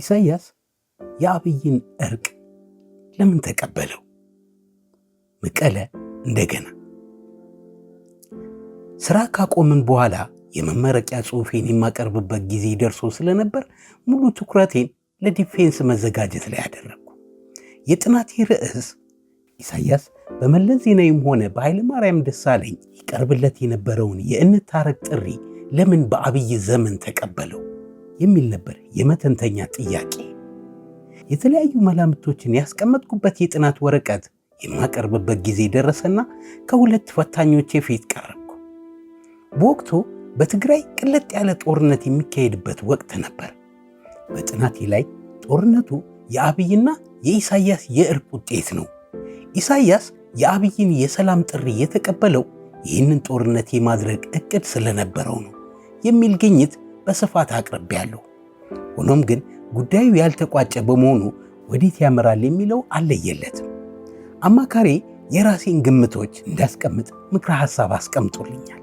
ኢሳይያስ የአብይን እርቅ ለምን ተቀበለው? መቀለ እንደገና ስራ ካቆምን በኋላ የመመረቂያ ጽሑፌን የማቀርብበት ጊዜ ደርሶ ስለነበር ሙሉ ትኩረቴን ለዲፌንስ መዘጋጀት ላይ አደረግኩ። የጥናቴ ርዕስ ኢሳይያስ በመለስ ዜናዊም ሆነ በኃይለማርያም ደሳለኝ ይቀርብለት የነበረውን የእንታረቅ ጥሪ ለምን በአብይ ዘመን ተቀበለው የሚል ነበር። የመተንተኛ ጥያቄ የተለያዩ መላምቶችን ያስቀመጥኩበት የጥናት ወረቀት የማቀርብበት ጊዜ ደረሰና ከሁለት ፈታኞቼ ፊት ቀረብኩ። በወቅቱ በትግራይ ቅለጥ ያለ ጦርነት የሚካሄድበት ወቅት ነበር። በጥናቴ ላይ ጦርነቱ የአብይና የኢሳያስ የእርቅ ውጤት ነው። ኢሳያስ የአብይን የሰላም ጥሪ የተቀበለው ይህንን ጦርነት የማድረግ እቅድ ስለነበረው ነው የሚል ግኝት በስፋት አቅርቤያለሁ። ሆኖም ግን ጉዳዩ ያልተቋጨ በመሆኑ ወዴት ያመራል የሚለው አለየለትም። አማካሪ የራሴን ግምቶች እንዳስቀምጥ ምክረ ሐሳብ አስቀምጦልኛል።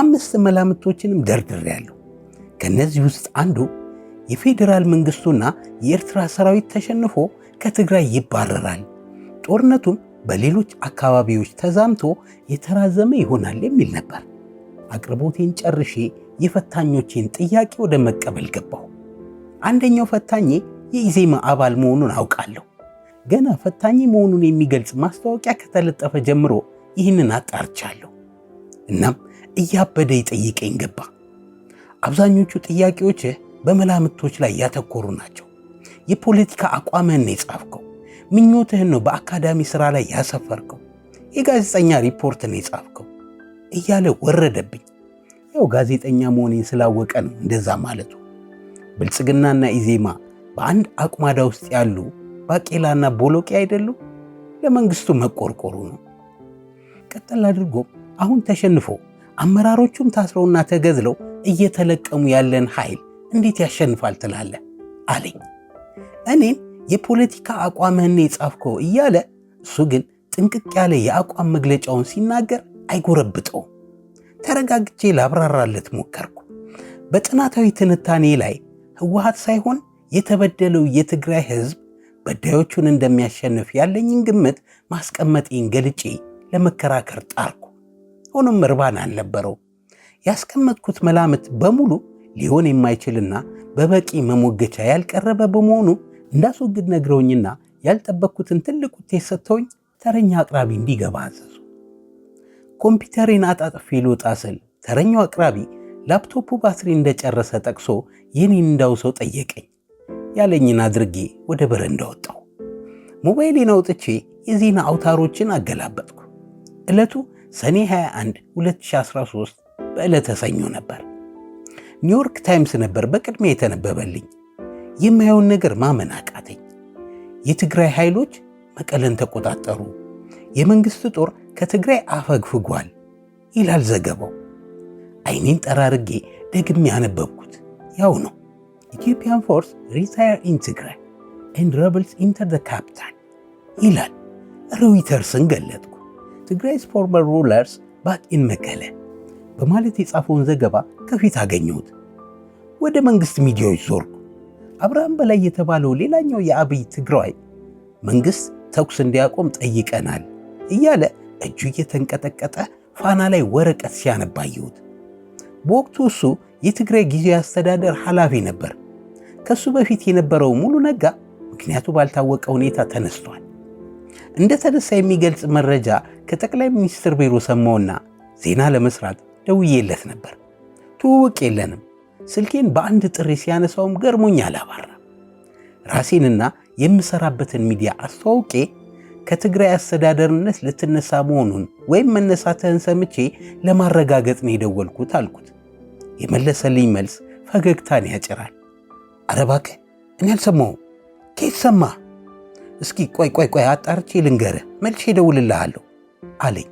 አምስት መላምቶችንም ደርድሬያለሁ። ከእነዚህ ውስጥ አንዱ የፌዴራል መንግስቱና የኤርትራ ሰራዊት ተሸንፎ ከትግራይ ይባረራል፣ ጦርነቱም በሌሎች አካባቢዎች ተዛምቶ የተራዘመ ይሆናል የሚል ነበር። አቅርቦቴን ጨርሼ የፈታኞቼን ጥያቄ ወደ መቀበል ገባሁ። አንደኛው ፈታኝ የኢዜማ አባል መሆኑን አውቃለሁ። ገና ፈታኝ መሆኑን የሚገልጽ ማስታወቂያ ከተለጠፈ ጀምሮ ይህንን አጣርቻለሁ። እናም እያበደ ይጠይቀኝ ገባ። አብዛኞቹ ጥያቄዎች በመላምቶች ላይ ያተኮሩ ናቸው። የፖለቲካ አቋምህን ነው የጻፍከው። ምኞትህን ነው በአካዳሚ ሥራ ላይ ያሰፈርከው። የጋዜጠኛ ሪፖርት ነው የጻፍከው እያለ ወረደብኝ። ያው ጋዜጠኛ መሆኔን ስላወቀ ነው እንደዛ ማለቱ። ብልጽግናና ኢዜማ በአንድ አቁማዳ ውስጥ ያሉ ባቄላና ቦሎቄ አይደሉ። ለመንግስቱ መቆርቆሩ ነው። ቀጠል አድርጎ አሁን ተሸንፎ አመራሮቹም ታስረውና ተገዝለው እየተለቀሙ ያለን ኃይል እንዴት ያሸንፋል ትላለህ አለኝ። እኔም የፖለቲካ አቋምህን የጻፍከው እያለ እሱ ግን ጥንቅቅ ያለ የአቋም መግለጫውን ሲናገር አይጎረብጠውም። ተረጋግቼ ላብራራለት ሞከርኩ። በጥናታዊ ትንታኔ ላይ ህወሀት ሳይሆን የተበደለው የትግራይ ህዝብ በዳዮቹን እንደሚያሸንፍ ያለኝን ግምት ማስቀመጤን ገልጬ ለመከራከር ጣርኩ። ሆኖም እርባን አልነበረው። ያስቀመጥኩት መላምት በሙሉ ሊሆን የማይችልና በበቂ መሞገቻ ያልቀረበ በመሆኑ እንዳስወግድ ነግረውኝና ያልጠበቅኩትን ትልቅ ውጤት ሰጥተውኝ ተረኛ አቅራቢ እንዲገባ አዘዙ። ኮምፒውተሬን አጣጥፌ ልወጣ ስል ተረኛው አቅራቢ ላፕቶፑ ባትሪ እንደጨረሰ ጠቅሶ የኔ እንዳው ሰው ጠየቀኝ። ያለኝን አድርጌ ወደ በረንዳ ወጣሁ። ሞባይሌን አውጥቼ የዜና አውታሮችን አገላበጥኩ። ዕለቱ ሰኔ 21 2013 በዕለተ ሰኞ ነበር። ኒውዮርክ ታይምስ ነበር በቅድሚያ የተነበበልኝ። የማየውን ነገር ማመን አቃተኝ። የትግራይ ኃይሎች መቀለን ተቆጣጠሩ፣ የመንግሥት ጦር ከትግራይ አፈግፍጓል ይላል ዘገባው። አይኔን ጠራርጌ ደግሜ ያነበብኩት ያው ነው። ኢትዮጵያን ፎርስ ሪታየር ኢን ትግራይ ኤንድ ረብልስ ኢንተር ደ ካፒታል ይላል። ሮይተርስን ገለጥኩ። ትግራይስ ፎርመር ሩለርስ ባክ ኢን መቀለ በማለት የጻፈውን ዘገባ ከፊት አገኘሁት። ወደ መንግሥት ሚዲያዎች ዞርኩ። አብርሃም በላይ የተባለው ሌላኛው የአብይ ትግራይ መንግሥት ተኩስ እንዲያቆም ጠይቀናል እያለ እጁ እየተንቀጠቀጠ ፋና ላይ ወረቀት ሲያነባየሁት በወቅቱ እሱ የትግራይ ጊዜያዊ አስተዳደር ኃላፊ ነበር። ከሱ በፊት የነበረው ሙሉ ነጋ ምክንያቱ ባልታወቀ ሁኔታ ተነስቷል። እንደ ተነሳ የሚገልጽ መረጃ ከጠቅላይ ሚኒስትር ቢሮ ሰማውና ዜና ለመስራት ደውዬለት ነበር። ትውውቅ የለንም። ስልኬን በአንድ ጥሪ ሲያነሳውም ገርሞኝ አላባራ። ራሴንና የምሰራበትን ሚዲያ አስተዋውቄ ከትግራይ አስተዳደርነት ልትነሳ መሆኑን ወይም መነሳትህን ሰምቼ ለማረጋገጥ ነው የደወልኩት አልኩት። የመለሰልኝ መልስ ፈገግታን ያጭራል። አረባከ እባክህ እኔ አልሰማሁም። ከየት ሰማህ? እስኪ ቆይ ቆይ ቆይ አጣርቼ ልንገርህ፣ መልሼ እደውልልሃለሁ አለኝ።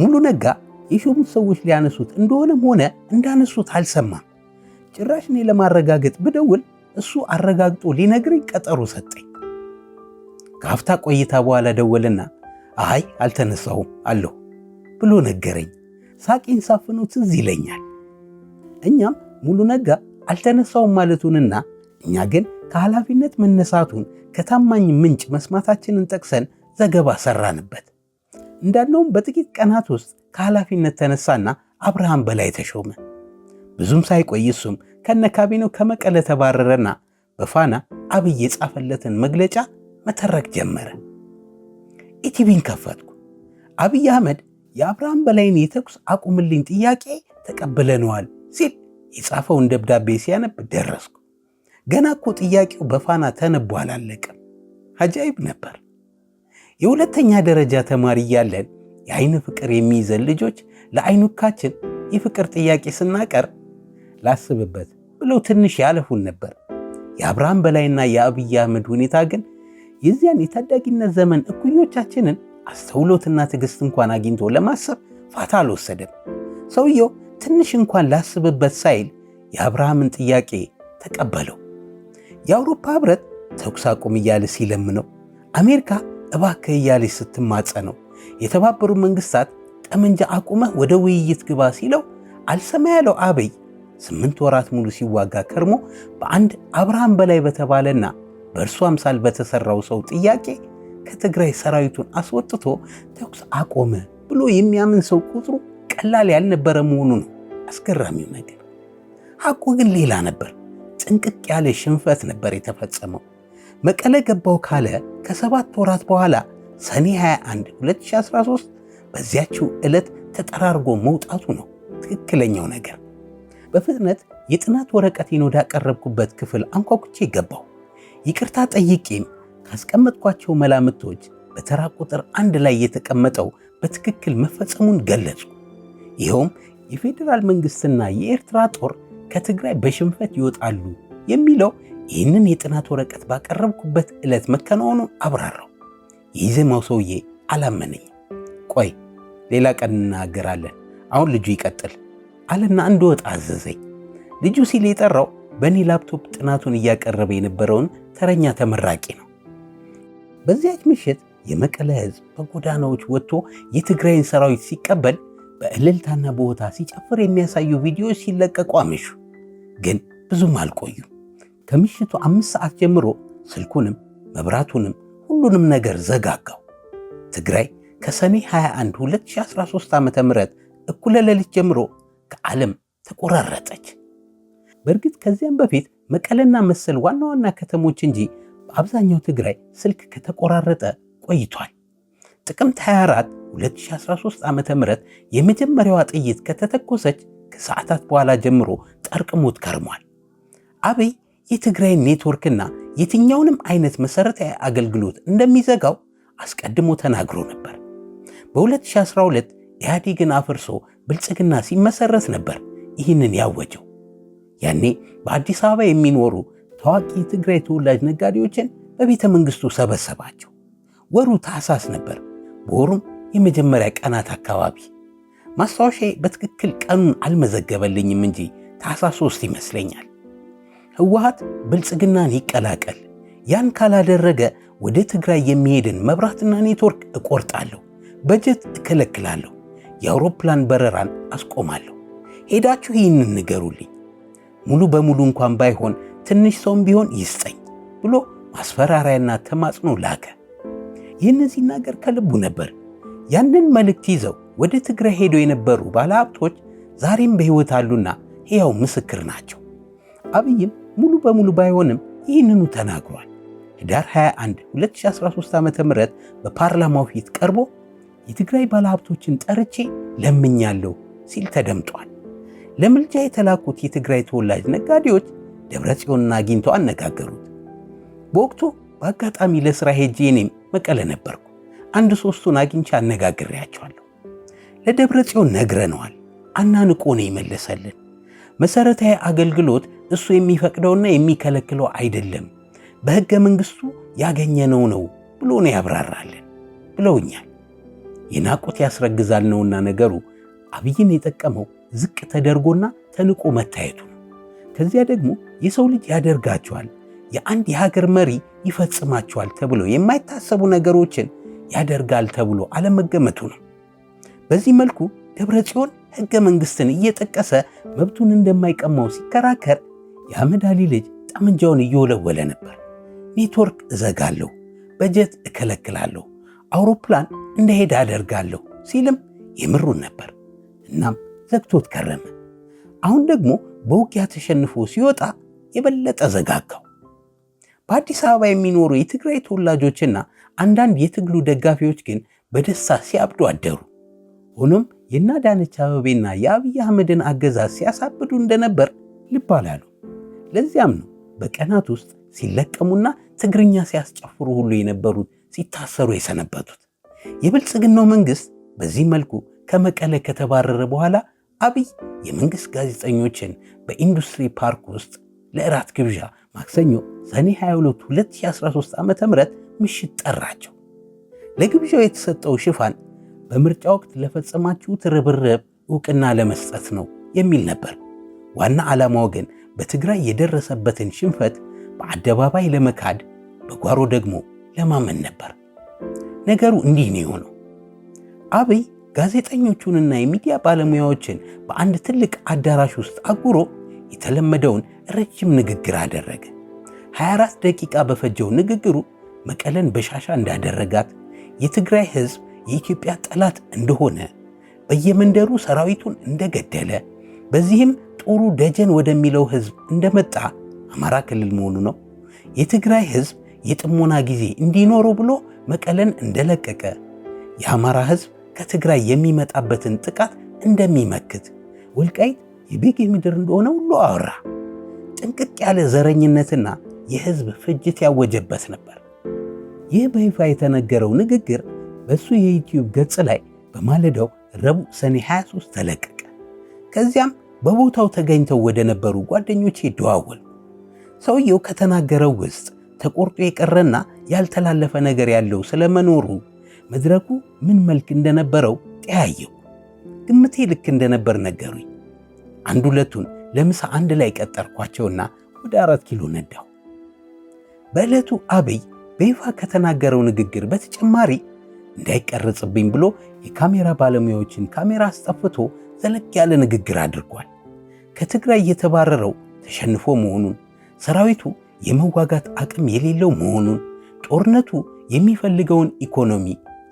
ሙሉ ነጋ የሾሙት ሰዎች ሊያነሱት እንደሆነም ሆነ እንዳነሱት አልሰማም። ጭራሽ እኔ ለማረጋገጥ ብደውል እሱ አረጋግጦ ሊነግረኝ ቀጠሮ ሰጠኝ። ከሀፍታ ቆይታ በኋላ ደወልና አይ አልተነሳሁም አለሁ ብሎ ነገረኝ። ሳቄን ሳፍኖ ትዝ ይለኛል። እኛም ሙሉ ነጋ አልተነሳውም ማለቱንና እኛ ግን ከኃላፊነት መነሳቱን ከታማኝ ምንጭ መስማታችንን ጠቅሰን ዘገባ ሰራንበት። እንዳለውም በጥቂት ቀናት ውስጥ ከኃላፊነት ተነሳና አብርሃም በላይ ተሾመ። ብዙም ሳይቆይ እሱም ከነ ካቢኔው ከመቀለ ተባረረና በፋና አብይ የጻፈለትን መግለጫ መተረክ ጀመረ። ኢቲቪን ከፈትኩ። አብይ አህመድ የአብርሃም በላይን የተኩስ አቁምልኝ ጥያቄ ተቀብለነዋል ሲል የጻፈውን ደብዳቤ ሲያነብ ደረስኩ። ገና እኮ ጥያቄው በፋና ተነቦ አላለቀም። አጃይብ ነበር። የሁለተኛ ደረጃ ተማሪ እያለን የአይን ፍቅር የሚይዘን ልጆች ለአይኑካችን የፍቅር ጥያቄ ስናቀርብ ላስብበት ብለው ትንሽ ያለፉን ነበር። የአብርሃም በላይና የአብይ አህመድ ሁኔታ ግን የዚያን የታዳጊነት ዘመን እኩዮቻችንን አስተውሎትና ትዕግስት እንኳን አግኝቶ ለማሰብ ፋታ አልወሰደም። ሰውየው ትንሽ እንኳን ላስብበት ሳይል የአብርሃምን ጥያቄ ተቀበለው። የአውሮፓ ህብረት ተኩስ አቁም እያለ ሲለምነው፣ አሜሪካ እባክህ ስትማጸ ስትማጸነው፣ የተባበሩት መንግስታት ጠመንጃ አቁመህ ወደ ውይይት ግባ ሲለው አልሰማ ያለው አብይ ስምንት ወራት ሙሉ ሲዋጋ ከርሞ በአንድ አብርሃም በላይ በተባለና በእርሱ አምሳል በተሰራው ሰው ጥያቄ ከትግራይ ሰራዊቱን አስወጥቶ ተኩስ አቆመ ብሎ የሚያምን ሰው ቁጥሩ ቀላል ያልነበረ መሆኑ ነው አስገራሚው ነገር። ሐቁ ግን ሌላ ነበር። ጥንቅቅ ያለ ሽንፈት ነበር የተፈጸመው። መቀለ ገባው ካለ ከሰባት ወራት በኋላ ሰኔ 21 2013 በዚያችው ዕለት ተጠራርጎ መውጣቱ ነው ትክክለኛው ነገር። በፍጥነት የጥናት ወረቀቴን ወዳቀረብኩበት ክፍል አንኳኩቼ ገባው ይቅርታ ጠይቄም ካስቀመጥኳቸው መላምቶች በተራ ቁጥር አንድ ላይ የተቀመጠው በትክክል መፈጸሙን ገለጹ። ይኸውም የፌዴራል መንግስትና የኤርትራ ጦር ከትግራይ በሽንፈት ይወጣሉ የሚለው ይህንን የጥናት ወረቀት ባቀረብኩበት ዕለት መከናወኑን አብራራው። የዜማው ሰውዬ አላመነኝም። ቆይ ሌላ ቀን እናገራለን፣ አሁን ልጁ ይቀጥል አለና እንድወጣ አዘዘኝ። ልጁ ሲል የጠራው በእኔ ላፕቶፕ ጥናቱን እያቀረበ የነበረውን ተረኛ ተመራቂ ነው። በዚያች ምሽት የመቀለ ሕዝብ በጎዳናዎች ወጥቶ የትግራይን ሰራዊት ሲቀበል በእልልታና ቦታ ሲጨፍር የሚያሳዩ ቪዲዮዎች ሲለቀቁ አመሹ። ግን ብዙም አልቆዩ ከምሽቱ አምስት ሰዓት ጀምሮ ስልኩንም መብራቱንም ሁሉንም ነገር ዘጋጋው። ትግራይ ከሰኔ 21 2013 ዓ ም እኩለ ሌሊት ጀምሮ ከዓለም ተቆራረጠች። በእርግጥ ከዚያም በፊት መቀለና መሰል ዋና ዋና ከተሞች እንጂ በአብዛኛው ትግራይ ስልክ ከተቆራረጠ ቆይቷል። ጥቅምት 24 2013 ዓ ም የመጀመሪያዋ ጥይት ከተተኮሰች ከሰዓታት በኋላ ጀምሮ ጠርቅሞት ከርሟል። አብይ የትግራይ ኔትወርክና የትኛውንም አይነት መሠረታዊ አገልግሎት እንደሚዘጋው አስቀድሞ ተናግሮ ነበር። በ2012 ኢህአዴግን አፍርሶ ብልጽግና ሲመሰረት ነበር ይህንን ያወጀው። ያኔ በአዲስ አበባ የሚኖሩ ታዋቂ የትግራይ ተወላጅ ነጋዴዎችን በቤተ መንግሥቱ ሰበሰባቸው። ወሩ ታህሳስ ነበር። በወሩም የመጀመሪያ ቀናት አካባቢ ማስታወሻዬ በትክክል ቀኑን አልመዘገበልኝም እንጂ ታኅሳስ ሦስት ይመስለኛል። ህወሓት ብልጽግናን ይቀላቀል፣ ያን ካላደረገ ወደ ትግራይ የሚሄድን መብራትና ኔትወርክ እቆርጣለሁ፣ በጀት እከለክላለሁ፣ የአውሮፕላን በረራን አስቆማለሁ። ሄዳችሁ ይህንን ንገሩልኝ። ሙሉ በሙሉ እንኳን ባይሆን ትንሽ ሰውም ቢሆን ይስጠኝ ብሎ ማስፈራሪያና ተማጽኖ ላከ። ይህንን ሲናገር ከልቡ ነበር። ያንን መልእክት ይዘው ወደ ትግራይ ሄደው የነበሩ ባለሀብቶች ዛሬም በሕይወት አሉና ሕያው ምስክር ናቸው። አብይም ሙሉ በሙሉ ባይሆንም ይህንኑ ተናግሯል። ህዳር 21 2013 ዓ ም በፓርላማው ፊት ቀርቦ የትግራይ ባለሀብቶችን ጠርቼ ለምኛለሁ ሲል ተደምጧል። ለምልጃ የተላኩት የትግራይ ተወላጅ ነጋዴዎች ደብረ ጽዮንን አግኝተው አነጋገሩት። በወቅቱ በአጋጣሚ ለሥራ ሄጄ እኔም መቀለ ነበርኩ። አንድ ሶስቱን አግኝቼ አነጋግሬያቸዋለሁ። ለደብረ ጽዮን ነግረነዋል። አናንቆ ነው ይመለሰልን። መሰረታዊ አገልግሎት እሱ የሚፈቅደውና የሚከለክለው አይደለም፣ በሕገ መንግሥቱ ያገኘነው ነው ብሎ ነው ያብራራልን ብለውኛል። የናቁት ያስረግዛል ነውና ነገሩ አብይን የጠቀመው ዝቅ ተደርጎና ተንቆ መታየቱ ነው። ከዚያ ደግሞ የሰው ልጅ ያደርጋቸዋል የአንድ የሀገር መሪ ይፈጽማቸዋል ተብሎ የማይታሰቡ ነገሮችን ያደርጋል ተብሎ አለመገመቱ ነው። በዚህ መልኩ ደብረ ጽዮን ህገ መንግስትን እየጠቀሰ መብቱን እንደማይቀማው ሲከራከር የአመዳሊ ልጅ ጠመንጃውን እየወለወለ ነበር። ኔትወርክ እዘጋለሁ፣ በጀት እከለክላለሁ፣ አውሮፕላን እንደሄድ አደርጋለሁ ሲልም የምሩን ነበር። እናም ዘግቶት ከረመ። አሁን ደግሞ በውጊያ ተሸንፎ ሲወጣ የበለጠ ዘጋጋው። በአዲስ አበባ የሚኖሩ የትግራይ ተወላጆችና አንዳንድ የትግሉ ደጋፊዎች ግን በደስታ ሲያብዱ አደሩ። ሆኖም የናዳነች አበቤና የአብይ አህመድን አገዛዝ ሲያሳብዱ እንደነበር ልብ አላሉ። ለዚያም ነው በቀናት ውስጥ ሲለቀሙና ትግርኛ ሲያስጨፍሩ ሁሉ የነበሩት ሲታሰሩ የሰነበቱት። የብልጽግናው መንግስት በዚህ መልኩ ከመቀለ ከተባረረ በኋላ አብይ የመንግስት ጋዜጠኞችን በኢንዱስትሪ ፓርክ ውስጥ ለእራት ግብዣ ማክሰኞ ሰኔ 22 2013 ዓ ም ምሽት ጠራቸው። ለግብዣው የተሰጠው ሽፋን በምርጫ ወቅት ለፈጸማችሁት ርብርብ እውቅና ለመስጠት ነው የሚል ነበር። ዋና ዓላማው ግን በትግራይ የደረሰበትን ሽንፈት በአደባባይ ለመካድ በጓሮ ደግሞ ለማመን ነበር። ነገሩ እንዲህ ነው የሆነው። አብይ ጋዜጠኞቹንና የሚዲያ ባለሙያዎችን በአንድ ትልቅ አዳራሽ ውስጥ አጉሮ የተለመደውን ረጅም ንግግር አደረገ። 24 ደቂቃ በፈጀው ንግግሩ መቀለን በሻሻ እንዳደረጋት፣ የትግራይ ህዝብ የኢትዮጵያ ጠላት እንደሆነ፣ በየመንደሩ ሰራዊቱን እንደገደለ፣ በዚህም ጦሩ ደጀን ወደሚለው ህዝብ እንደመጣ አማራ ክልል መሆኑ ነው። የትግራይ ህዝብ የጥሞና ጊዜ እንዲኖረው ብሎ መቀለን እንደለቀቀ፣ የአማራ ህዝብ ከትግራይ የሚመጣበትን ጥቃት እንደሚመክት፣ ወልቃይት የቤጌ ምድር እንደሆነ ሁሉ አወራ። ጥንቅቅ ያለ ዘረኝነትና የህዝብ ፍጅት ያወጀበት ነበር። ይህ በይፋ የተነገረው ንግግር በእሱ የዩትዩብ ገጽ ላይ በማለዳው ረቡዕ ሰኔ 23 ተለቀቀ። ከዚያም በቦታው ተገኝተው ወደ ነበሩ ጓደኞቼ ደዋወል። ሰውየው ከተናገረው ውስጥ ተቆርጦ የቀረና ያልተላለፈ ነገር ያለው ስለመኖሩ መድረኩ ምን መልክ እንደነበረው ጠያየው። ግምቴ ልክ እንደነበር ነገሩኝ። አንድ ሁለቱን ለምሳ አንድ ላይ ቀጠርኳቸውና ወደ አራት ኪሎ ነዳሁ። በዕለቱ አብይ በይፋ ከተናገረው ንግግር በተጨማሪ እንዳይቀረጽብኝ ብሎ የካሜራ ባለሙያዎችን ካሜራ አስጠፍቶ ዘለቅ ያለ ንግግር አድርጓል። ከትግራይ የተባረረው ተሸንፎ መሆኑን፣ ሰራዊቱ የመዋጋት አቅም የሌለው መሆኑን፣ ጦርነቱ የሚፈልገውን ኢኮኖሚ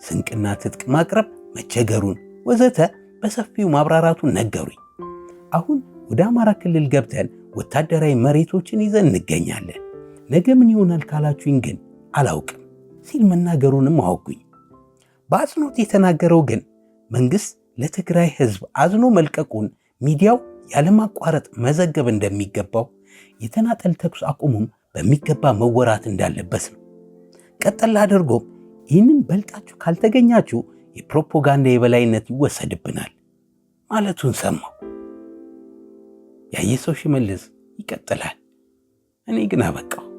ስንቅና ትጥቅ ማቅረብ መቸገሩን ወዘተ በሰፊው ማብራራቱን ነገሩኝ። አሁን ወደ አማራ ክልል ገብተን ወታደራዊ መሬቶችን ይዘን እንገኛለን። ነገ ምን ይሆናል ካላችሁኝ ግን አላውቅም ሲል መናገሩንም አወጉኝ። በአጽንኦት የተናገረው ግን መንግሥት ለትግራይ ሕዝብ አዝኖ መልቀቁን ሚዲያው ያለማቋረጥ መዘገብ እንደሚገባው የተናጠል ተኩስ አቁሙም በሚገባ መወራት እንዳለበት ነው። ቀጠል አድርጎም ይህንን በልጣችሁ ካልተገኛችሁ የፕሮፓጋንዳ የበላይነት ይወሰድብናል ማለቱን ሰማሁ። ያየ ሰው ሽመልስ ይቀጥላል። እኔ ግን አበቃው።